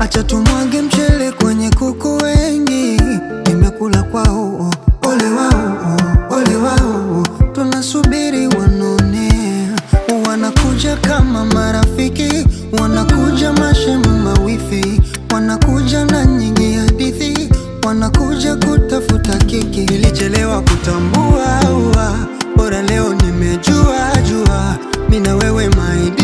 Acha tumwage mchele kwenye kuku wengi, nimekula kwao, ole wao, ole wao. Tunasubiri wanone, wanakuja kama marafiki, wanakuja mashemu mawifi, wanakuja na nyingi hadithi, wanakuja kutafuta kiki. Nilichelewa kutambua, ua bora leo nimejua jua, mina wewe maidi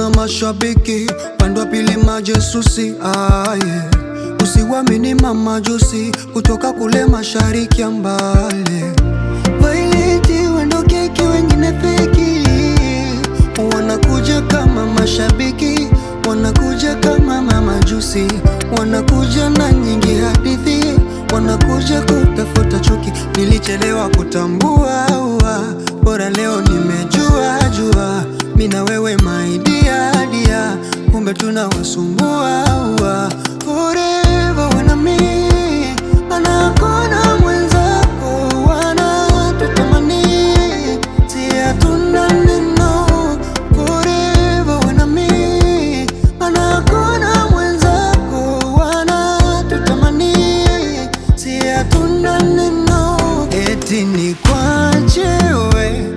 na mashabiki pande pili majesusi ah, yeah. Usiwamini mamajusi kutoka kule mashariki ya mbali Vailiti wendo keki wengine feki wanakuja kama mashabiki wanakuja kama mamajusi wanakuja na nyingi hadithi wanakuja kutafuta chuki nilichelewa kutambua oh. 化结尾。